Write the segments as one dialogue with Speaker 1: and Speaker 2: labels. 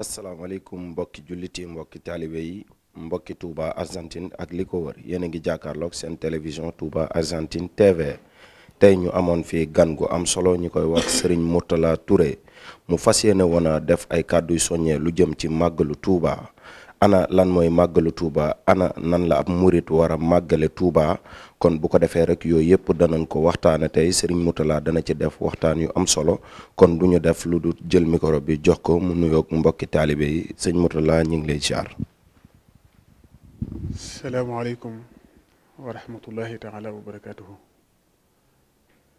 Speaker 1: asalaamaaleykum mbokki julliti mbokki taalibe yi mbokki Touba Argentine ak li ko wër yéen a ngi jàkkaarloog seen télévision Touba Argentine TV tey ñu amoon fi gan gu am solo ñu koy wax Serigne Mourtala Touré mu fas yéene woon a def ay kàddu soññee lu jëm ci màggalu Touba ana lan mooy màggalu tuuba ana nan la ab murit war a màggale Touba kon bu ko defee rek yooyu yëpp danañ ko waxtaane tey Serigne Moutala dana ci def waxtaan yu am solo kon du ñu def lu dul jël mikoro bi jox ko mu nuyook mbokki taalibe yi sëñ Moutala ñu ngi lay ziar.
Speaker 2: salaamaaleykum wa rahmatullahi taala wa barakaatuhu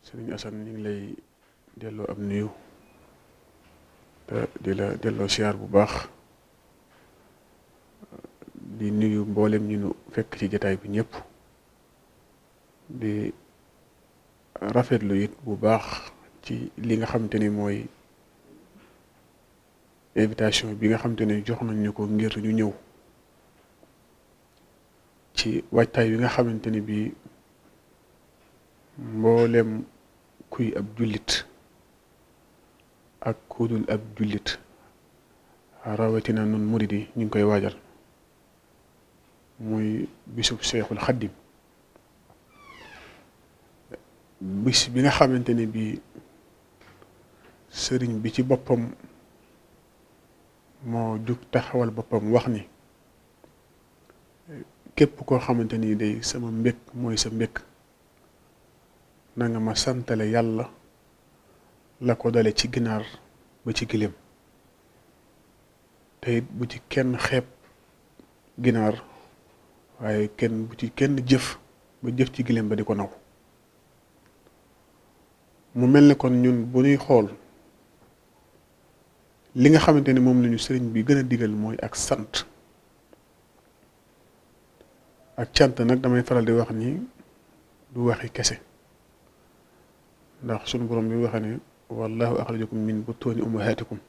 Speaker 2: Serigne Assane ñu ngi lay delloo ab nuyu di la delloo ziar bu baax. di nuyu mboolem ñu fekk ci jataay bi ñëpp di rafetlu it bu baax ci li nga xamante ni mooy invitation bi nga xamante ni jox nañ ñu ko ngir ñu ñëw ci waajtaay bi nga xamante ni bii mboolem kuy ab jullit ak kudul ab jullit rawatina nun murid yi ñu ngi koy waajal muy bisu Seexul Xaddim bis bi nga xamante ne bii sëriñ bi ci boppam moo jug taxawal boppam wax ni képp koo xamante ni day sama mbékk mooy sa mbékk na nga ma santale yàlla la ko dale ci ginaar ba ci giléem te bu ci kenn xepp ginaar waaye kenn bu ci kenn jëf ba jëf ci gileem ba di ko naw mu mel ne kon ñun bu ñuy xool li nga xamante ni moom lañu sëriñ bi gën a digal mooy ak sant ak cant nag damay faral di wax ni du waxi kese ndax sunu borom bi waxee ne wallahu axrajakum min butuuni ummahaatikum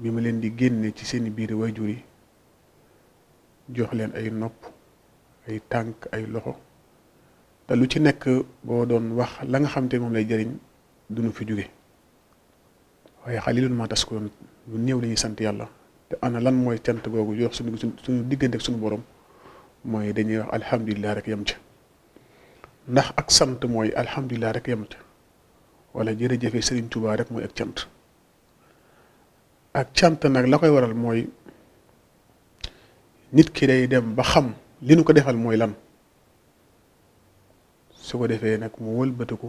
Speaker 2: bi ma leen di génne ci seeni biir way yi jox leen ay nopp ay tànk ay loxo te lu ci nekk boo doon wax la nga xam te moom lay jëriñ duñu fi jóge waaye xalilun ma taskuruun lu néew lañuy sant yàlla te ana lan mooy cant googu jox suñu suñu diggante ak suñu borom mooy dañuy wax alhamdulilah rek yem ca ndax ak sant mooy alhamdulilah rek yem ca wala jërëjëfe Sëriñ Tuubaa rek mooy ak cant ak cant nag la koy waral mooy nit ki day dem ba xam li nu ko defal mooy lan su ko defee nag mu wëlbatiku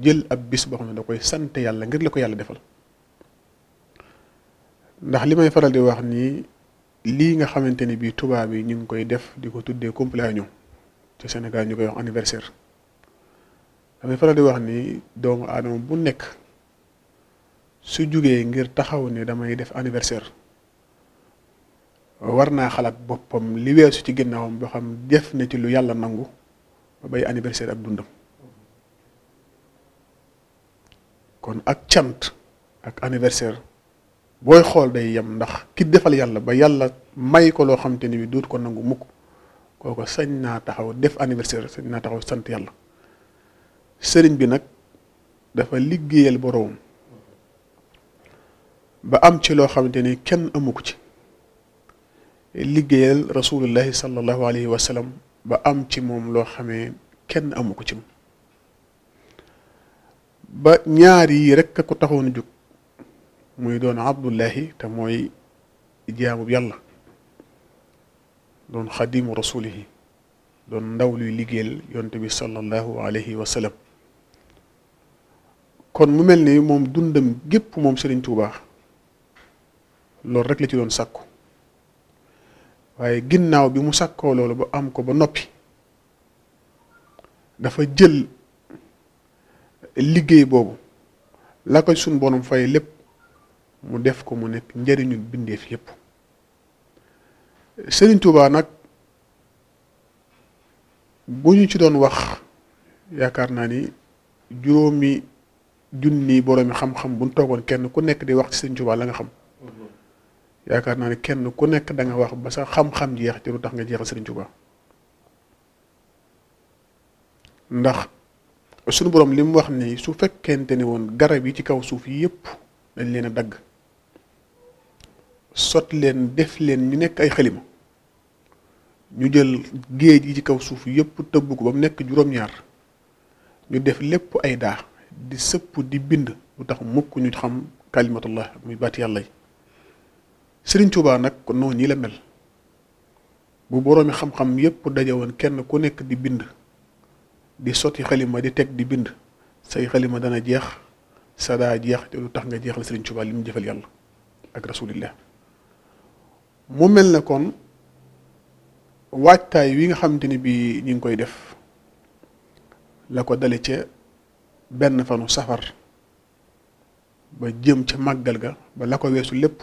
Speaker 2: jël ak bis boo xam ne da koy sant yàlla ngir la ko yàlla defal ndax li may faral di wax nii lii nga xamante ni bii tubaab yi ñu ngi koy def di ko tuddee cumpleaños ci Sénégal ñu koy wax anniversaire damay faral di wax ni doomu aadama bu nekk su jógee ngir taxaw ne damay def anniversaire war naa xalaat boppam li weesu ci ginnaawam boo xam def na ci lu yàlla nangu ba bay anniversaire ak dundam kon ak cant ak anniversaire booy xool day yem ndax ki defal yàlla ba yàlla may ko loo xam te ni bi duut ko nangu mukk kooko sañ naa taxaw def anniversaire sañ naa taxaw sant yàlla sëriñ bi nag dafa liggéeyal boroom ba am ci loo xamante ni kenn amu ci liggéeyal rasulullahi sallallahu alayhi wa sallam ba am ci moom loo xamee kenn amu ko ci moom ba ñaar yi rek ako ko taxoon a jóg muy doon abdullahi te mooy jaamub yàlla doon xadimu rasulihi doon ndaw luy liggéeyal yonte bi sallallahu alayhi wa sallam kon mu mel ni moom dundam gépp moom Serigne baax loolu rek la ci doon sakko waaye ginnaaw bi mu sakkoo loolu ba am ko ba noppi dafa jël liggéey boobu la ko suñ borom fay lépp mu def ko mu nekk njariñul bindeef yépp Sëriñ Tuubaa nag bu ñu ci doon wax yaakaar naa ni juróomi junni boroomi xam-xam bu ñu toogoon kenn ku nekk di wax ci Sëriñ Tuubaa la nga xam yaakaar naa ne kenn ku nekk danga wax ba sa xam-xam jeex ci lu tax nga jeexal Serigne Touba ndax sunu boroom li mu wax ni su fekkente ni woon garab yi ci kaw suuf yépp dañ leen a dagg sot leen def leen ñu nekk ay xalima ñu jël géej yi ci kaw suuf yépp tëbb ko ba mu nekk juróom-ñaar ñu def lépp ay daa di sëpp di bind lu tax mukk ñu xam kalimatullah muy baat yàlla yi Sëriñ Tuubaa nag kon noonu ñii la mel bu boroomi xam-xam yépp daje woon kenn ku nekk di bind di sotti xalima di teg di bind say xalima dana jeex sa daa jeex te lu tax nga jeex la Sëriñ Tuubaa li mu jëfal yàlla ak rasulillah mu mel ne kon waajtaay wi nga xamante ni bii ñu ngi koy def la ko dale ca benn fanu safar ba jëm ca màggal ga ba la ko weesu lépp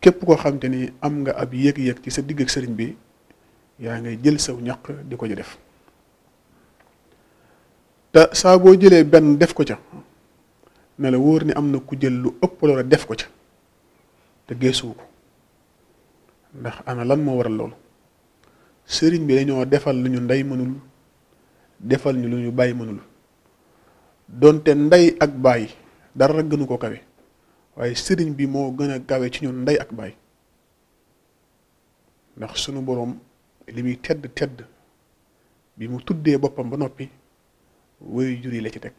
Speaker 2: képp koo xam ni am nga ab yëg yéeg ci sa digg ak sëriñ bi yaa ngay jël sëw ñaq di ko ci def te saa jëlee benn def ko ca ne la wóor ni am na ku jël lu ëpp loola def ko ca te geesuwu ko ndax ana lan moo waral loolu sëriñ bi dañoo defal lu ñu ndey mënul defal ñu lu ñu bàyyi mënul donte ndey ak bàyyi dara gënu ko kawe waaye sëriñ bi moo gën a gawe ci ñu ndey ak baay ndax sunu boroom li muy tedd tedd bi mu tuddee boppam ba noppi woyu jur la ci teg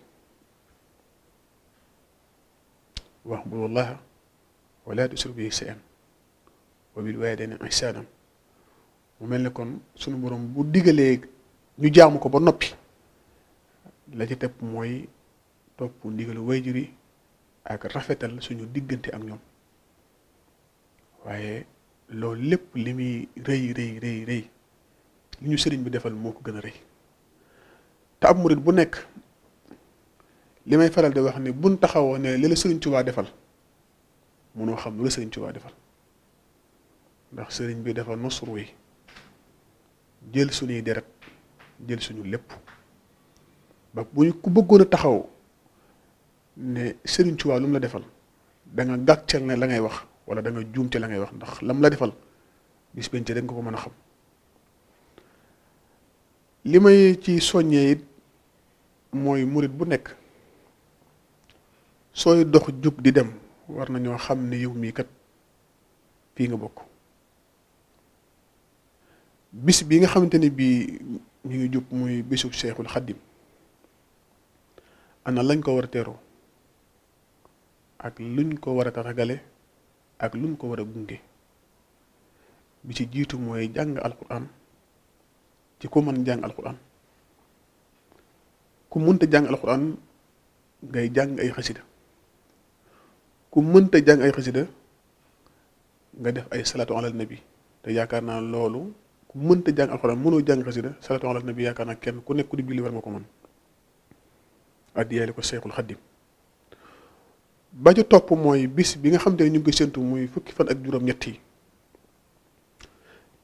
Speaker 2: wa'budullaha wa laa tusriku bihi shay'an waaye bil waalidayni ihsaanan mu mel ni kon sunu boroom bu digalee ñu jaamu ko ba noppi la ci teg mooy topp ndigalu way jur ak rafetal suñu diggante ak ñoom waaye loolu lépp li muy rëy rëy rëy li ñu sëriñ bi defal moo ko gën a rëy te ab murit bu nekk li may faral di wax ni buñ taxawoo ne li la sëriñ Tuubaa defal mënoo xam lu la sëriñ Tuubaa defal ndax sëriñ bi dafa nosru yi jël suñuy deret jël suñu lépp ba bu ñu ku bëggoon a taxaw ne Serigne Touba lu mu la defal da nga gàcceel ne la ngay wax wala da nga juum ci la ngay wax ndax lam la defal bis benn ci da nga ko mën a xam li may ci soññee it mooy murit bu nekk sooy dox jub di dem war na ñoo xam ne yow mii kat fii nga bokk bis bi nga xamante ni bii ñu ngi jub muy bisu Seexul Xaddim na lañ ko war a teeroo ak luñ ko war a taragale ak luñ ko war a gunge bi ci jiitu mooy jàng alquran ci ko mën jàng alquran ku mënta jàng alquran ngay jàng ay xasida ku mënta jàng ay xasida nga def ay salatu alal nabi te yaakaar naa loolu ku mënta jàng alxuraan mënoo jàng xasida salatu alal nabi yaakaar naa kenn ku nekk ku di julli war nga ko mën addiyee li ko Seexul Xaddim ba ca topp mooy bis bi nga xam te ne ñu ngi koy muy fukki fan ak juróom-ñett yi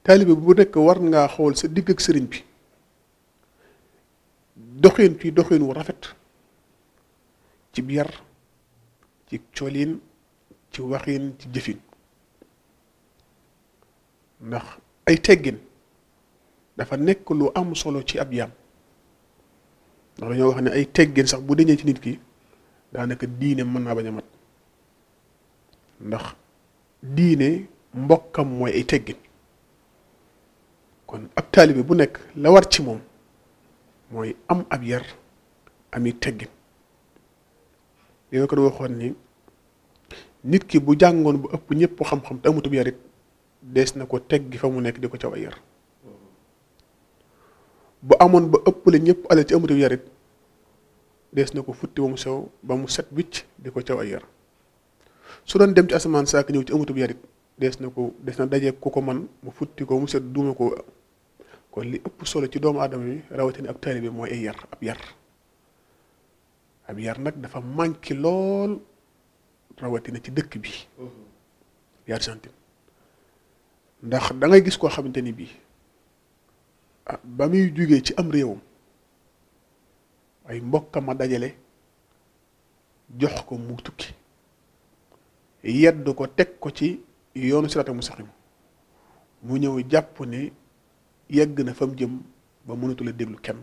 Speaker 2: taalibe bu nekk war ngaa xool sa digg ak sëriñ bi doxin ci doxin wu rafet ci yar ci colin ci waxin ci jëfin ndax ay teggin dafa nekk lu am solo ci ab yaam ndax dañoo wax ne ay teggin sax bu deñee ci nit ki daanaka diine mën naa bañ a mat ndax diine mbokkam mooy ay teggin kon ab taalibe bu nekk la war ci moom mooy am ab yar ami teggin li nga ko doon waxoon ni nit ki bu jàngoon bu ëpp ñëpp xam-xam te amutub yarit dees na ko teggi fa mu nekk di ko caw ay yar mm-hmm. bu amoon ba ëpp la ñëpp ale ci amutub yarit dees na ko futti ba mu sew ba mu set wicc di ko caw ay yar su doon dem ci asamaan saak ñëw ci amutub yarit dees na ko des na daje ku ko man mu futti ko mu set duuma ko kon li ëpp solo ci doomu aadama bi rawatina ab taalibe mooy ay yar ab yar ab yar nag dafa manqué lool rawatina ci dëkk bi mm-hmm. Argentine ndax dangay gis koo xamante ni bii ah, ba muy jugee ci am réewam ay mbokka ma dajale jox ko mu tukki yedd ko teg ko ci yoonu sirata mustaqim mu ñëw jàpp ni yegg na fam jëm ba a déglu kenn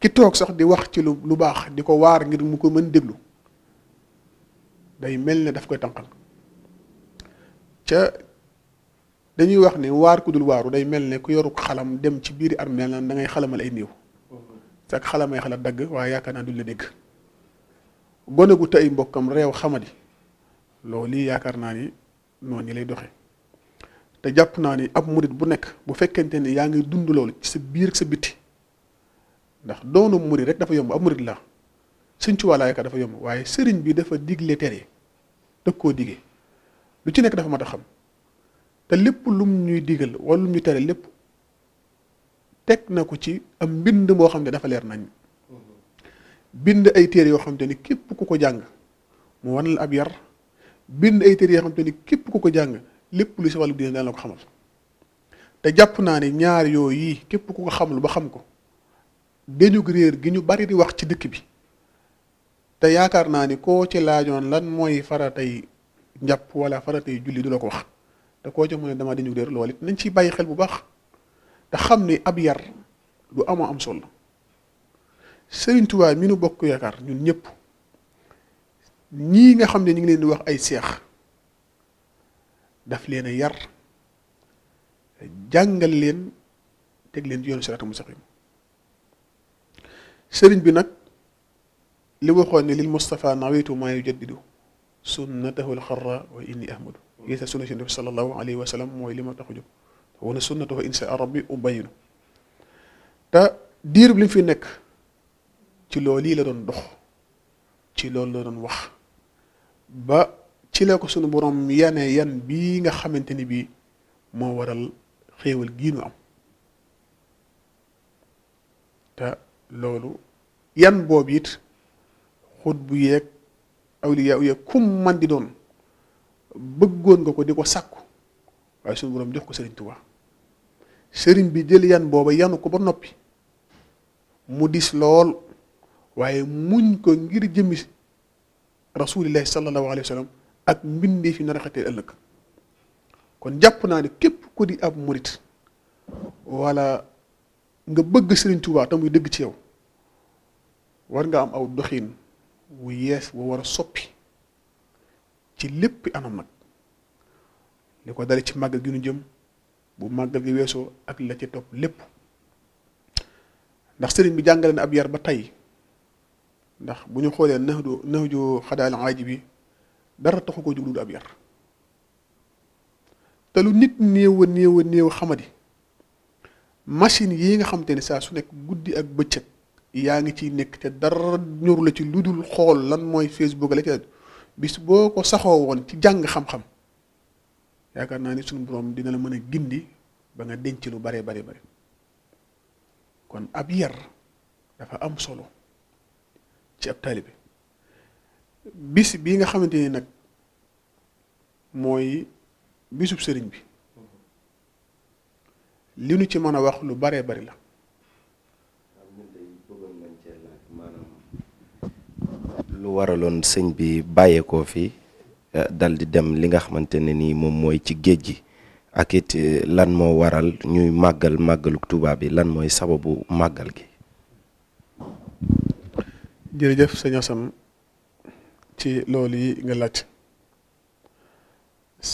Speaker 2: ki toog sax di wax ci lu lu baax di ko waar ngir mu ko mën déglu day mel ni daf koy tànqal ca dañuy wax ne waar ku dul waaru day mel ni ku yoru xalam dem ci biir biiri armeel na da ngay xalamal ay néew ak xalamay xalaat dagg waaye yaakaar naa duñ la dégg gone gu tey mbokkam réew xamadi loolu yaakaar naa ni noonu lay doxee te jàpp naa ni ab murit bu nekk bu fekkente ni yaa ngi dund loolu ci sa biir ak sa bitti ndax doonu murit rek dafa yomb ab murit la suñ ci wàllaa yaakaar dafa yomb waaye sëriñ bi dafa digle tere dëg koo digee lu ci nekk dafa mat a xam te lépp lum ñuy digal wala lum ñu tere lépp teg na ko ci ab mbind moo xam ne dafa leer nañ bind ay téere yoo xam te ni képp ku ko jàng mu wan la ab yar bind ay téere yoo xam te ni képp ku ko jàng lépp lu si wàllu diine la ko xamal te jàpp naa ne ñaar yooyu yi képp ku xamul ba xam ko déñug gi ñu bari di wax ci dëkk bi te yaakaar naa ni koo ci laajoon lan mooy faratay njàpp wala faratay julli du la ko wax te koo ci mu ne dama déñug réer lool it nañ ciy bàyyi xel bu baax te xam ne ab yar lu amoon am solo Sëriñ Tuubaa mi nu bokk yaakaar ñun ñëpp ñii nga xam ne ñu ngi leen di wax ay seex daf leen a yar jàngal leen teg leen yoonu siraatal mustaqiim sëriñ bi nag li waxoon ne lil Mustafa nawaytu maa yujaddidu sunnatahu al xarra wa inni ahmadu gisa sunna si nabi sallallahu alayhi wa mooy li ma tax a jóg wane sunnatahu in sa rabbi ubayinu te diirub li mu fi nekk ci loolu yi la doon dox ci loolu la doon wax ba ci la ko sunu boroom yane yan bii nga xamante ni bii moo waral xéewal gii nu am te loolu yan boobu it xut bu yeeg awliya yeeg kum man di doon bëggoon nga ko di ko sàkku waaye suñu borom jox ko sëriñ Tuubaa sëriñ bi jël yan booba yanu ko ba noppi mu dis lool waaye muñ ko ngir jëmmi rasulillahi sallallahu alayhi wa sallam ak mbindee fi nar a ëllëg kon jàpp naa ne képp ko di ab murit wala nga bëgg sëriñ Tuubaa te muy dëgg ci yow war nga am aw doxin wu yees wa war a soppi ci lépp anam nag li ko dale ci màggal gi nu jëm bu màggal gi weesoo ak la ci topp lépp ndax sëriñ bi jàngale na ab yar ba tey ndax bu ñu xoolee nahdu nahju xadaal aaj bi dara taxu ko jug dul ab yar te lu nit néew a néew xamadi machine yi nga xam te ne saa su nekk guddi ak bëccëg yaa ngi ciy nekk te dara ñoru la ci lu dul xool lan mooy Facebook la ci bis boo ko saxoo woon ci jàng xam-xam yaakaar naa ni suñu borom dina la mën a gindi ba nga denc lu bare bare bare kon ab yar dafa am solo ci ab taalibe bis bi nga xamante ni nag mooy bisu sëriñ bi li nu ci mën a wax lu bare bari la
Speaker 1: lu waraloon sëñ bi bàyyeekoo fii Eh, dal di dem li nga xamante ne nii moom mooy ci géej gi ak it eh, lan moo waral ñuy màggal màggalu tubaab yi lan mooy sababu màggal gi.
Speaker 2: jërëjëf sëñ Sam ci loolu yi nga laaj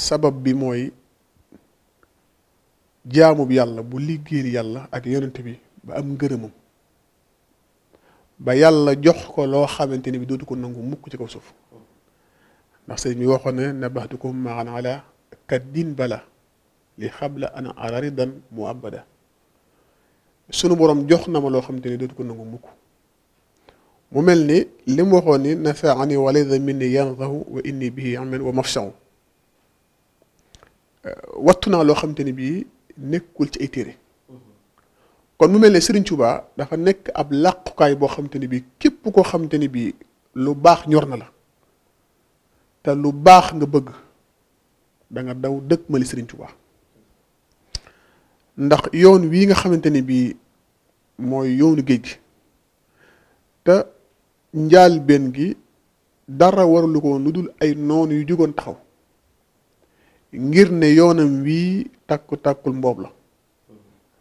Speaker 2: sabab bi mooy jaamub yàlla bu liggéeyal yàlla ak yonent bi ba am ngërëmam ba yàlla jox ko loo xamante ni bi dootu ko nangu mukk ci kaw suuf. parce que bi waxoon ne nabaxtukum sunu borom jox na ma loo xam ni dootu ko mu mel ni li mu waxoon ni nafaani walaysa minni yanzahu wa inni loo xam ni bii nekkul ci ay téere mel ne Serigne Touba dafa nekk ab làqukaay boo xam te ni bii képp koo xam te ni bii lu baax ñor na la te lu baax nga bëgg danga daw dëkk mali Sëriñ Tuubaa ndax yoon wii nga xamante ni bii mooy yoonu géej gi te njaal benn gi dara waralu ko lu dul ay noonu yu jógoon taxaw ngir ne yoonam wii takku takkul mboob la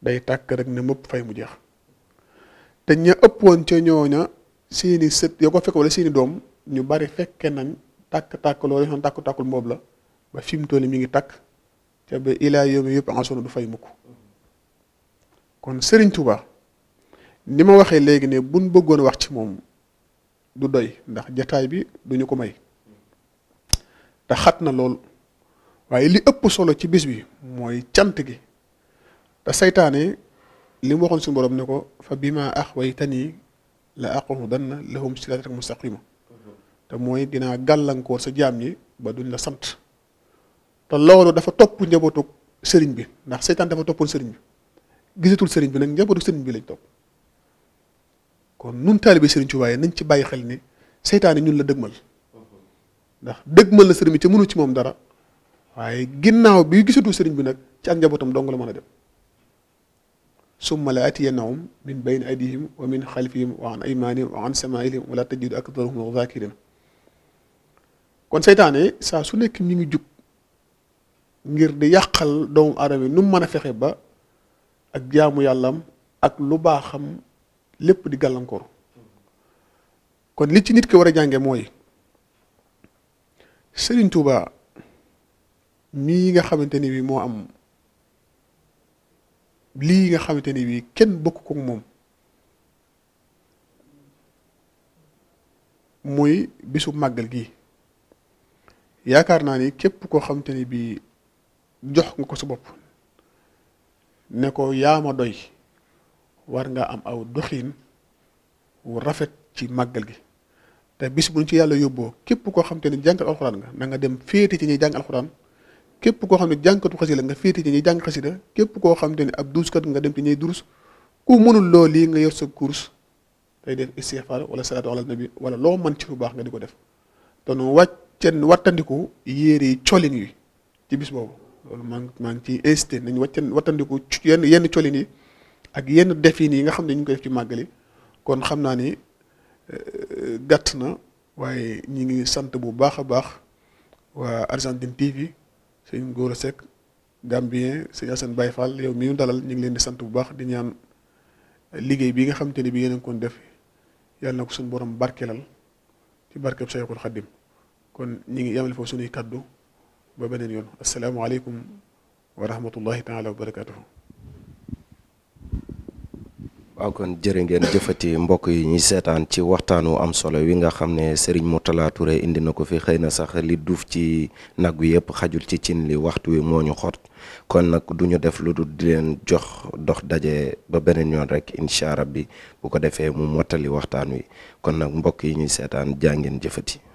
Speaker 2: day tàkk rek ne mëpp fay mu jeex te ña ëpp woon ca ñooña seeni sët yoo ko fekk wala seeni doom ñu bari fekke nañ tàkk-tàkk loolu ñu xam tàkk-tàkkul moob la ba fi mu toll ngi takk te ba ilaa yoomi yëpp ansona du fay mukk kon sëriñ Touba ni ma waxee léegi ne buñ bëggoon wax ci moom du doy ndax jataay bi duñu ko may te xat na lool waaye li ëpp solo ci bis bi mooy cant gi te saytaane li mu waxoon suñu borom ne ko fa bi ma ax way tanii la aqudanna lahum siraatak mustaqima te mooy dinaa gàllankoor sa jaam ñi ba duñ la sant te loolu dafa topp njabootu sëriñ bi ndax seytaan dafa toppoon sëriñ bi gisatul sëriñ bi nag njabootu sëriñ bi lañ topp kon nun taalibe sëriñ ci waaye nañ ci bàyyi xel ni seytaan ñun la dëgmal ndax dëgmal la sëriñ ci mënu ci moom dara waaye ginnaaw bi gisatul sëriñ bi nag ci ak njabootam dong la mën a dem summa la atiyannahum min bayni aydihim wa min xalfihim wa an aymanihim wa an samailihim wala tajidu aktarahum zakirin kon seytaane saa su nekk ñu ngi jug ngir di yàqal doomu aadama yi nu mu mën a fexe ba ak jaamu yàllam ak lu baaxam lépp di gàllankoor kon li ci nit ki war a jànge mooy Sëriñ Tuuba mii nga xamante ni bi moo am lii nga xamante ni bi kenn bokk ko moom muy bisu màggal gi yaakaar naa ni képp koo xamante ne bii jox nga ko sa bopp ne ko yaama doy war nga am aw doxiin wu rafet ci màggal gi te bis buñ ci yàlla yóbboo képp koo xam ni jànkat alxuraan nga na nga dem féete ci ñuy jàng alxuraan képp koo xam ne jànkatu xasida nga féete ci ñuy jàng xasida képp koo xamante ni ab duuskat nga dem ci ñuy durus ku mënul loo lii nga yor sa course tey def istighfar wala salaatu ala nabi wala loo mën ci lu baax nga di ko def te nu wàcc wàccen wattandiku yére yi colin yi ci bis boobu loolu maa maa ngi ciy insisté nañ wàccen wattandiku yenn yenn colin yi ak yenn defin yi nga xam ne ñu ngi koy def ci màggali kon xam naa ni euh, gàtt na waaye ñu ngi sant bu baax a baax waa Argentine TV sëñ Gora Seck Gambien sëñ seen Baye Fall yow mi ñu dalal ñu ngi leen di sant bu baax di ñaan liggéey bi nga xamante ne bi yéen a ngi koon def yàlla na ko suñu borom barkeelal ci barkeb Seexul Xaddim kon ñi ngi yemale foofu suñuy kaddu ba beneen yoon asalaamaaleykum wa rahmatullahi taala wa barakatuhu
Speaker 1: kon jërë ngeen jëfati mbokk yi ñuy seetaan ci waxtaan wu am solo wi nga xam ne Serigne Mourtalla Touré indi na ko fi xëy na sax li duuf ci nag wi yëpp xajul ci cin li waxtu wi moo ñu xot kon nag du ñu def lu dul di leen jox dox daje ba beneen yoon rek incha rabbi bu ko defee mu mottali waxtaan wi kon nag mbokk yi ñuy seetaan jaa ngeen jëfati.